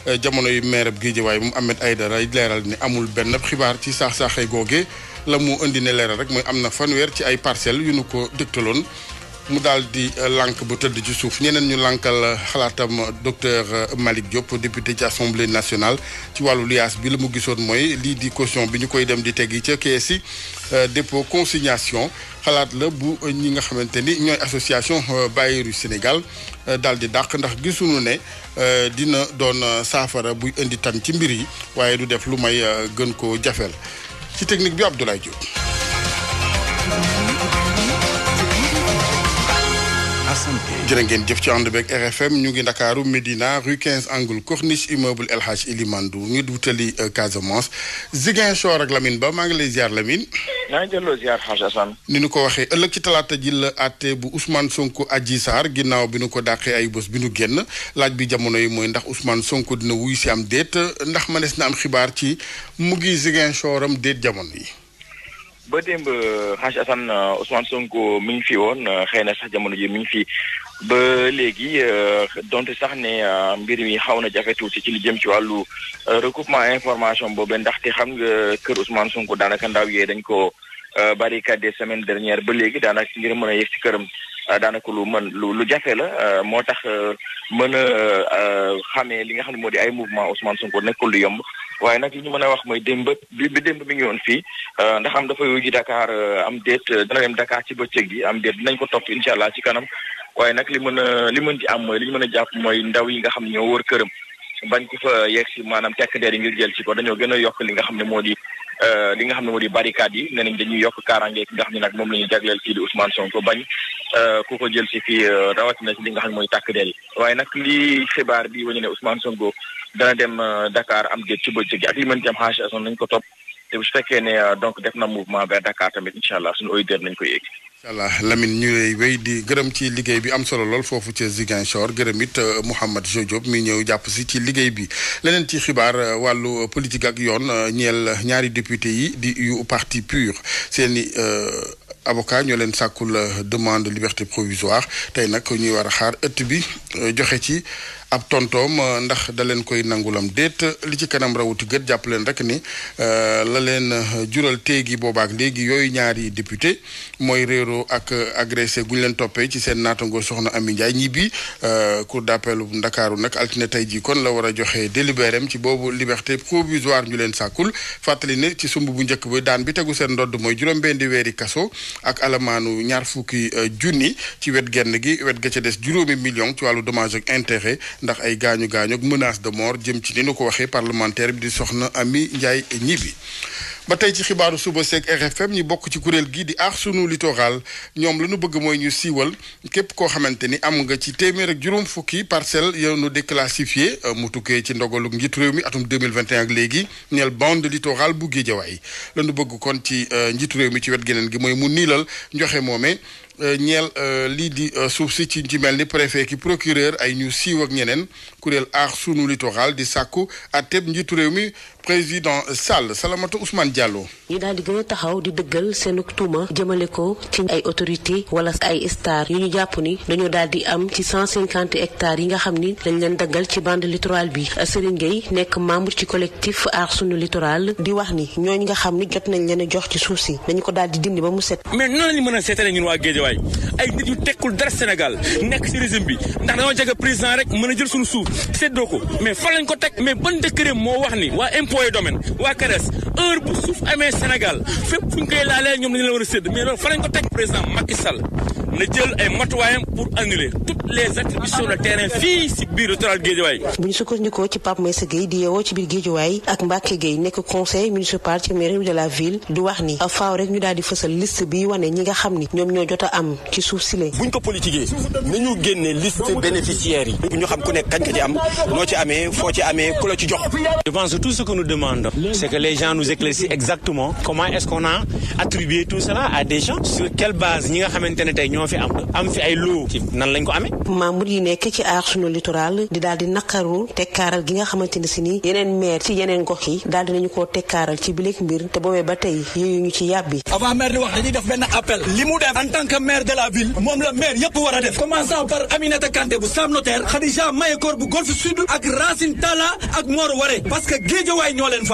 Euh, jamono yu maire bi Guédiawaye moom Ahmed Aïdara leeral ni amul benn xibaar ci saax saaxee googe la mu indi ne leeral rek mooy am na fanweer ci ay parcelles yu nu ko dëgtaloon mu daal di euh, lànk ba tëdd ci suuf ñeneen ñu lankal euh, xalaatam euh, docteur Malick Diop député ci assemblée nationale ci wàllu liaas bi la mu gisoon mooy lii di caution bi ñu koy dem di teg yi ca dépo yi consignation xalaat la bu ñi nga xamante ni ñooy association bayeeru Sénégal daal di dàq ndax gisuñu ne dina doon saafara buy indi tan ci mbir yi waaye du def lu may gën ko jafeel ci technique bi Abdoulaye Diop. jërë ngeen jëf ci ànd beeg RFM ñu ngi ndakaaru Médina rue 15 angle corniche immeuble El Hadj Elimandou ñu wutali euh, Casamance Ziguinchor ak Lamine Ba maa ngi lay ziar Lamine. naa ni ñu ko waxee ëllëg ci talaata ji la àtte bu Ousmane Sonko Adji saar ginnaaw bi nu ko dàqee ay bés bi ñu génn laaj bi jamono yi mooy ndax usman Sonko dina wuy si am déet ndax mënees na am xibaar ci mu ngi am déet jamono yi. ba démb euh, Haji Assane euh, Ousmane Sonko mi ngi fi woon euh, xëy na sax jamono ji mi ngi fi ba léegi donte sax ne mbir mi xaw na jafe tuuti ci jëm ci wàllu recoupement information boobu ndaxte xam nga kër Ousmane Sonko daanaka ndaw yee dañ ko barricade semaine dernière ba léegi daanaka ngir mën a ci këram. Euh, daanaka lu mën lu lu jafe la euh, moo tax euh, mën a xamee li nga xam ne moo di ay mouvement Ousmane Sonko nekkul lu yomb waaye nag li ñu mën a wax mooy démb bi bi démb bi ngi woon fii ndax am dafa wuyu ji Dakar am déet dana dem Dakar ci bëccëg gi am déet nañ ko topp incha allah ci kanam waaye nag li mën a li mën ci am mooy li ñu mën a jàpp mooy ndaw yi nga xam ne ñoo wër këram bañ ko fa yegg si maanaam tekk deer yi ngir jël ci ko dañoo gën a yokk li nga xam ne moo di Euh, li nga xam ne moo di barricade yi nee nañ dañuy yokk kaaraange ki nga xam ne nag moom la ñu jagleel kii di Ousmane Sonko bañ euh, ku ko jël si fii euh, rawatina si li nga xam ne mooy tàkk del waaye nag lii xibaar bi wañu ne Ousmane Sonko dana dem Dakar am déet ci bëccëg ak li mën ci am xaasi nañ ko topp te bu fekkee ne donc def na mouvement vers Dakar tamit incha allah suñu auditeurs nañ koy yéeg incha allah ñu lay wéy di gërëm ci liggéey bi am solo lool foofu ca Ziguinchor gërëm it euh, Mouhamed Diop mi ñëw jàpp si ci liggéey bi leneen ci xibaar euh, wàllu politique ak yoon euh, ñeel ñaari député yi di yu parti pur seeni avocat ñoo leen sàkkul demande liberté provisoire tey nag ñuy war a xaar ëtt bi joxe ci. ab tontoom euh, ndax da leen koy nangulam déet li ci kanam rawuti gët jàpp leen rek ni euh, la leen euh, jural téegi boobaak léegi yooyu ñaari député mooy réeroo ak agressé guñ leen toppee ci seen naatango soxna Ami Ndiaye ñibbi cour d'appelu Ndakaaru nag altine tey jii kon la war a joxe délibéréem ci boobu liberté provisoire ñu leen sàkkul fàttali ne ci sumb bu njëkk bi daan bi tegu seen ndodd mooy juróom-benn weeri kaso ak alamaanu ñaar fukki junni ci wet genn gi wet ga ca des juróomi million ci wàllu dommage ak ndax ay gaañu gaañu ak menace de mort jëm ci ni nu ko waxee parlementaire bi di soxna Ami Ndiaye ñibbi ba tey ci xibaaru suba seek RFM ñi bokk ci kuréel gii di aar sunu littoral ñoom la ñu bëgg mooy ñu siiwal képp koo xamante ni am nga ci téeméer ak juróom fukki parcelle yow nu déclassifié euh, mu tukkee ci ndogalu njiitu réew mi atum 2021 ak léegi ñeel bande littoral bu Géejawaay la ñu bëgg kon ci euh, njiitu réew mi ci wet geneen gi mooy mu niilal njoxe moome Euh, ñeel euh, lii di euh, suuf si ci ci mel ni préfet ki procureur ay ñu siiw ak ñeneen kuréel aar sunu littoral di sàkku àtteb njiitu réew mi président Sall Salamata Ousmane Diallo. ñi daal di gën a taxaw di dëggal seen tuuma jëmale ko ci ay autorité wala ay star yu ñu jàpp ni dañoo daal di am ci cent cinquante hectares yi nga xam ni dañ leen daggal ci bande littorale bi Serigne Gueye nekk membre ci collectif aar sunu littoral di wax ni ñooñu nga xam ni jot nañ leen a jox ci suuf si dañu ko waay ay nit yu tekkul dara Sénégal nekk si régime bi ndax dañoo jege président rek mën a jël suñu suuf séddoo ko mais fan lañ ko teg mais ba ban décret moo wax ni waa impôt et domaine waa CRES heure bu suuf amee Sénégal fépp fu ñu koy laalee ñoom dañu la war a sédd mais loolu lañ ko teg président Macky Sall na jël ay matuwaayam pour annuler toutes les attributions de terrain fii si biir littoral Guédiawaye. bu ñu sukkandikoo ci Pape Maïssa Guèye di yeewoo ci biir Guédiawaye ak Mbacke Guèye nekk conseil municipal ci mairie de la ville di wax ni faaw rek ñu daal fësal liste bi wane ñi nga xam ni ñoom ñoo jot a am ci suuf si buñ ko politiqué nañu génne liste bénéficiaires yi. bu ñu xam ku nekk kañ ka ci am noo ci amee foo ci amee ku la ci jox. je pense fi am am fi ay loo ci nan lañ ko amee membre yi nekk ci aar sunu littoral di daal naqaru tekkaaral gi nga xamante si ni yeneen maire ci yeneen gox yi daal dinañu koo tekkaaral ci bileeg mbir te boobee ba tey yooyu ñu ci yàbbi avant maire di wax dañuy def benn appel li mu def en tant que de la ville moom la maire yëpp war a def commençant par Aminata Kanté bu Sam Notaire Khadija Mayekor bu Golf Sud ak Racine Talla ak Mor Waré parce que géejawaay ñoo leen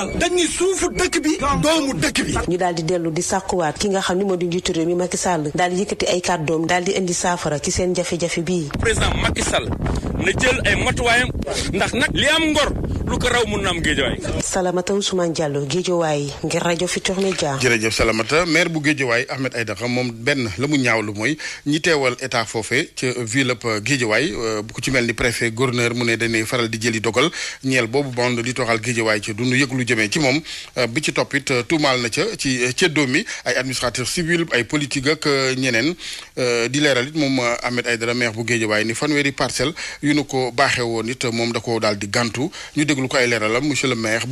daal di indi saafara ci seen jafe-jafe bii. président Macky Sall na jël ay matuwaayam ndax nag li am ngor. lu ko raw mun na am géejawaay. Salamata Ousmane Diallo géejawaay ngir rajo Futurs Médias. jërëjëf Salamata maire bu géejawaay Ahmed Aïdara moom benn la mu lu mooy ñi teewal état foofee ca ville géejawaay bu euh, ko ci mel ni préfet gouverneur mu ne dañuy faral di jëli dogal ñeel boobu bande di toxal géejawaay ci dundu yëglu yëg ci moom euh, bi ci topp it euh, tuumaal na ca ci ceddoo mi ay administrateur civil ay politique ak ñeneen di leeral it moom Ahmed Aïdara maire bu géejawaay ni fanweeri parcelle yu nu ko baaxee woon it moom da koo daal di gàntu déglu ko ay leeralam monsieur le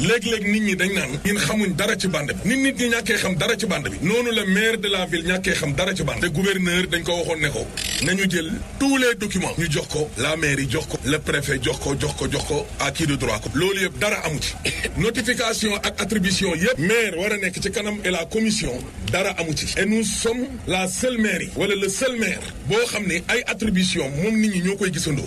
nit ñi dañ naan ñun xamuñ dara ci bande bi nit nit ñi ñàkkee xam dara ci bande bi noonu la maire de la ville ñàkkee xam dara ci bande te gouverneur dañ ko waxoon ne ko nañu jël tous documents ñu jox ko la mairie jox ko le préfet jox ko jox ko jox ko à qui de droit ko loolu yëpp dara amu ci notification ak attribution yëpp maire war a nekk ci kanam et la commission dara amu ci et nous sommes la seule mairie wala le seul maire boo xam ne ay attribution moom nit ñi ñoo koy gisandoo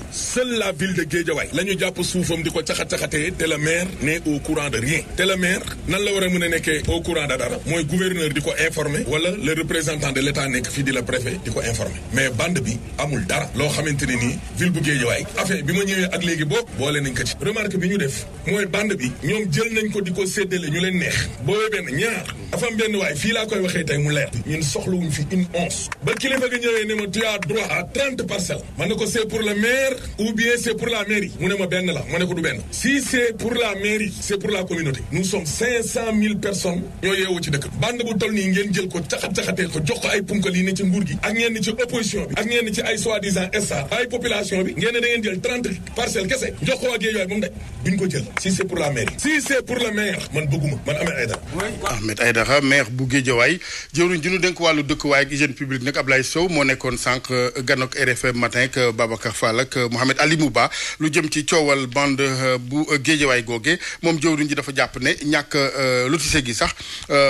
ville de Guédiawaye la jàpp suufam di ko caxat-caxatee te le maire n'est au courant de rien te le maire nan la war a mën a nekkee au courant de dara mooy gouverneur di ko informer wala le représentant de l'état nekk fii di la préfet di ko informer mais bande bi amul dara loo xamante nii ville bu Guédiawaye affaire bi ma ñëwee ak léegi boobu boole nañ ko remarque bi ñu def mooy bande bi ñoom jël nañ ko di ko séddale ñu leen neex boobee benn ñaar afam c'est pour la mairie mu ne ma benn la ma ne ko du benn si c'est pour la mairie c'est pour la communauté nous sommes cinq cent mille personnes ñoo yeewoo ci dëkk bande bu toll ngeen jël ko caxat-caxatee ko jox ko ay punkal yi ne ci nguur gi ak ñenn ci opposition bi ak ñenn ci ay soi-disant sta ay population bi ngeen ne da ngeen jël trente parcelles kese jox ko waa Guédiawaye moom daj duñ ko jël si c'est pour la mairie si c'est pour le maire man bu Touba lu jëm ci coowal bande euh, bu euh, géejewaay googe moom jëwriñ ji dafa jàpp ne ñàkk euh, lotissé gi sax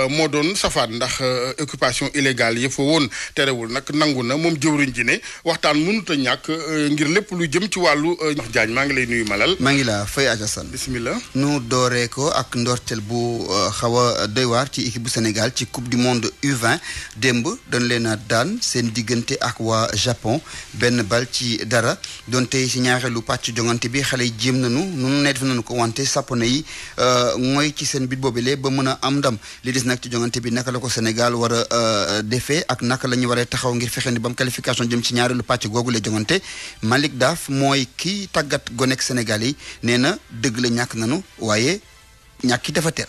moo doon safaan ndax occupation illégale yëfa woon terewul nag nangu na moom jëwriñ ji ne waxtaan mënut a ñàkk ngir lépp lu jëm ci wàllu ñax maa ngi lay nuyu malal maa ngi la fay ajasan bismillah nu dooree ko ak ndorteel bu xaw a doy waar ci équipe bu Sénégal ci coupe du monde u démb dañ leen daan seen diggante ak waa Japon benn bal ci dara doonte ci ñaareelu ñaareelu pàcc jongante bi xale yi jéem nañu nunu ne def nañu ko wante sàppone yi euh, mooy ci seen bit boobile ba mën a am ndam li des nag ci jongante bi naka la ko Sénégal war a euh, ak naka la ñu waree taxaw ngir fexe ni ba mu qualification jëm ci ñaareelu pàcc googu la jongante Malick Daaf mooy kii tàggat gonek Sénégal yi nee na dëgg la ñàkk nañu waaye ñàkki dafa teel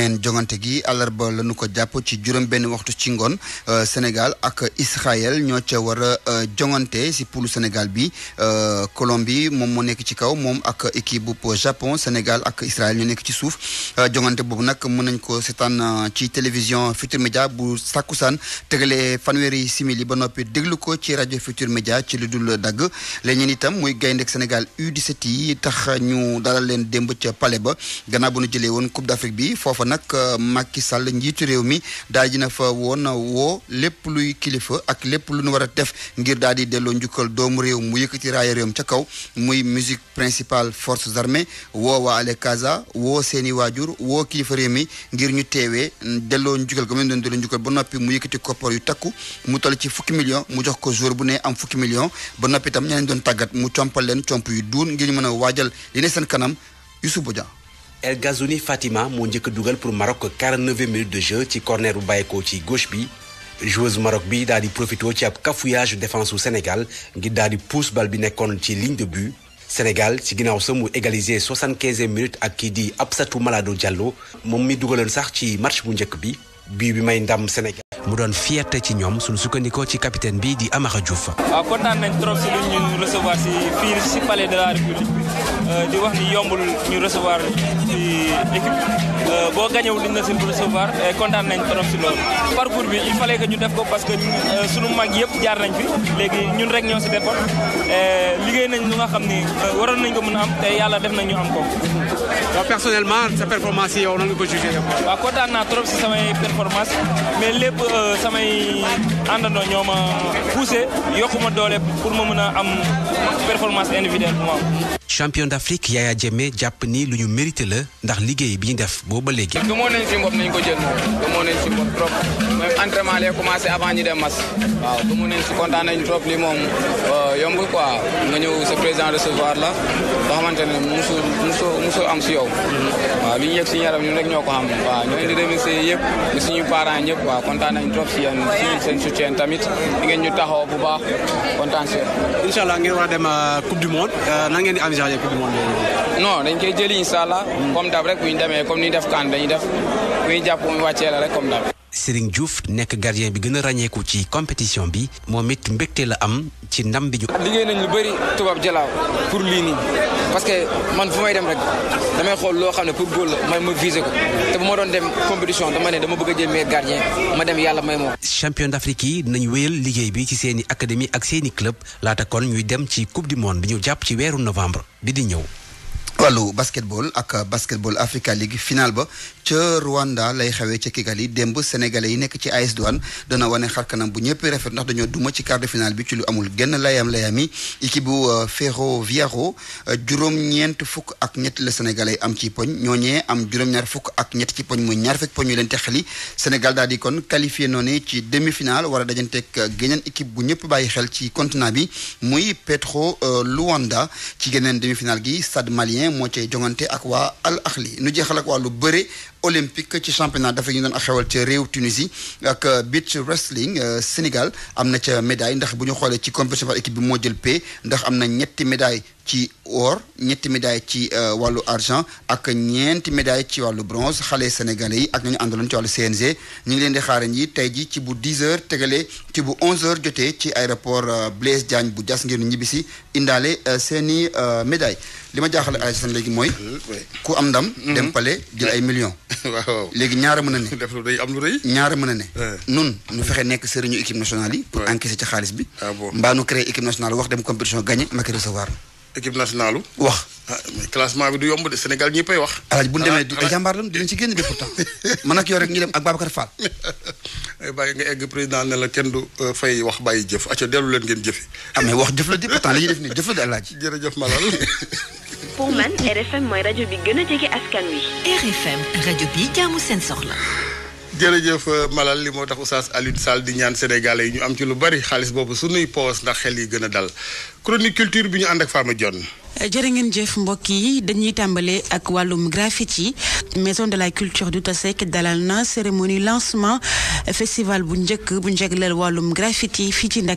beneen jongante gi àllarba lañu ko jàpp ci juróom benn waxtu ci ngoon euh, Sénégal ak Israël ñoo ca war euh, jongante si poulu Sénégal bi euh, Colombie moom mu nekk ci kaw moom ak équipe bu Japon Sénégal ak Israël ñu nekk ci suuf jongante boobu nag mun nañ ko seetaan ci télévision Futur Média bu sàkkusaan tegalee fanweeri simili ba noppi déglu ko ci rajo Futur Média ci lu dul dagg léeg nitam muy gaynde Sénégal U17 yi tax ñu dalal leen démb ca Palais ba gannaaw nag euh, Macky Sall njiitu réew mi daal dina fa woon euh, woo lépp luy kilifa ak lépp lu nu war a def ngir daal di delloo njukkal doomu réew mu yëkkati raaya réewam ca kaw muy musique principale forces armées woo waa ale Casa woo seeni waajur woo kilifa réew mi ngir ñu teewee mm, delloo njukkal ga mu doon delloo njukkal ba noppi mu yëkkati koppar yu takku mu toll ci fukki million mu jox ko jour bu ne am fukki million ba noppi itam ña leen doon tàggat mu compal leen comp yu duun ngir ñu mën a waajal li ne seen kanam Youssouf El Ghazouni Fatima moo njëkk a dugal pour Maroc 49 minutes de jeu ci corner bu bàyyeekoo ci gauche bi joueuse Maroc bi daal di profito ci ab cafouillage défense su Sénégal ngir daal di pousse bal bi nekkoon ci ligne de but Sénégal ci ginnaaw sa mu égalisé 75e minute ak kii di satu Malado jallo moom mi dugaloon sax ci match bu njëkk bi bii bi may ndam Sénégal. mu doon fierté ci ñoom suñu sukkandikoo ci capitaine bi di Amara Diouf. waaw kontaan nañ trop si lu ñu recevoir si fii si palais de la république euh, di wax ni yombul ñu recevoir équipe euh, boo gañewu diñ na seen recevoir kontaan nañ trop si loolu parcours bi il fallait que ñu def ko parce que euh, sunu mag yëpp jaar nañ fi léegi ñun rek ñoo si defoon liggéey nañ lu nga xam ni euh, waroon nañ ko mën a am te yàlla def nañ ñu am ko waaw personnellement sa performance yi yow nga ko jugé si samay doole pour ma mën a am performance individuelle bu ma am champion d'Afrique Yaya Jammeh jàpp ni lu ñu mérité la ndax liggéey bi ñu def booba léegi. parce que si mbopp nañ ko jël moom gëmoo nañ si mbopp trop même entraînement lay commencé avant ñu dem mas waaw gëmoo nañ si kontaan nañ euh, nga ñëw sa président recevoir la nga xamante ne musul musul musul am si yow. waaw li ñu yëg si yaram ñun rek ñoo ko xam waaw ñoo indi remercier yëpp di suñu parents ñëpp waaw kontaan nañ trop si yéen seen soutien tamit di ngeen ñu taxaw bu baax kontaan si yéen. incha allah ngeen a dem euh, coupe du monde euh, nan ngeen di envisager coupe du monde non dañ rek bu ñu demee comme ni def kaan dañuy def bu ñu jàpp mu wàccee la rek comme daal. Serigne Diouf nekk gardien bi gën a ràññeeku ci compétition bi moo it mbégte la am ci ndam bi ñu. liggéey nañ lu bëri tubaab jalaaw pour lii nii parce man fu may dem rek damay xool loo xam ne pour góol la may ma visé ko te bu ma doon dem compétition dama ne dama bëgg a jël meilleur gardien ma dem yàlla may moo. champion d'Afrique yi dinañ wéyal liggéey bi ci seeni académie ak seeni club laata kon ñuy dem ci coupe du monde bi ñu jàpp ci weeru novembre bi di ñëw. wàllu basketball ak basketball Africa League final ba ca Rwanda lay xewee ca Kigali démb yi nekk ci AS Douane dana wane xarkanam bu ñëpp rafet ndax dañoo duma ci quart de finale bi ci lu amul genn layam layam yi bu euh, Ferroviaro euh, juróom-ñeent fukk ak ñett la sénégalais am ci poñ ñooñee am juróom-ñaar fukk ak ñett ci poñ muy ñaar fekk poñ yu leen texali Sénégal daal di kon qualifié noonu ci demi-finale war a dajanteeg euh, geneen équipe bu ñëpp bàyyi xel ci continant bi muy Petro Luanda ci geneen demi-finale gi Stade Malien. moo cay jongante ak waa Al Ahli nu jeexal ak wàllu bëre olympique ci championnat dafa ñu doon ak xewal ca réew Tunisie ak euh, beach wrestling euh, Sénégal am na ca médaille ndax bu ñu xoolee ci compétition par équipe bi moo jël p ndax am na ñetti médaille ci or ñetti médaille ci euh, wàllu argent ak ñeenti médaille ci wàllu bronze xale sénégalais yi ak nañu àndaloon ci wàllu CNG ñu ngi leen di xaaran yi tey ji ci bu 10 heures tegalee ci bu 11 heures jotee ci aéroport euh, Blaise Diagne bu jas ngir ñibbisi indaale euh, seeni médaille li ma jaaxale ay seen léegi mooy ku am ndam mhm. dem pale jël ay millions waaw léegi ñaara mën a ne def lu rëy am nun nu fexe nekk sëriñu équipe nationale yi pour encaisser ci xaalis bi ah mbaa nu créer équipe nationale dem compétition gagné ma ki équipe nationale wax. Ah, classement bi du yomb de Sénégal ñi pay wax. alaaj bu ñu demee ah, ah. jàmbaar la dinañ ci génn de pourtant man ak yow rek ñu dem ak Babacar Fall. bàyyi nga egg président ne la kenn du euh, fay wax bàyyi jëf acca dellu leen ngeen jëfi. ah mais wax jëf la di pourtant li ñuy def nii jëf la di alaaj. jërëjëf Malal. pour man RFM mooy rajo bi gën a jege askan wi. RFM rajo bi jaamu seen soxla. jërëjëf euh, Malal li moo tax Oustaz Alioune Sall di ñaan Sénégalais yi ñu am ci lu bari xaalis boobu suñuy poos ndax xel yi gën a dal chronique culture bi ñu ànd ak Fama Dione. Euh, jërë ngeen jëf mbokk yi dañuy tàmbale ak wàllum graffiti maison de la culture du Tasek dalal na cérémonie lancement euh, festival bu njëkk bu njëgleel wàllum graffiti fii ci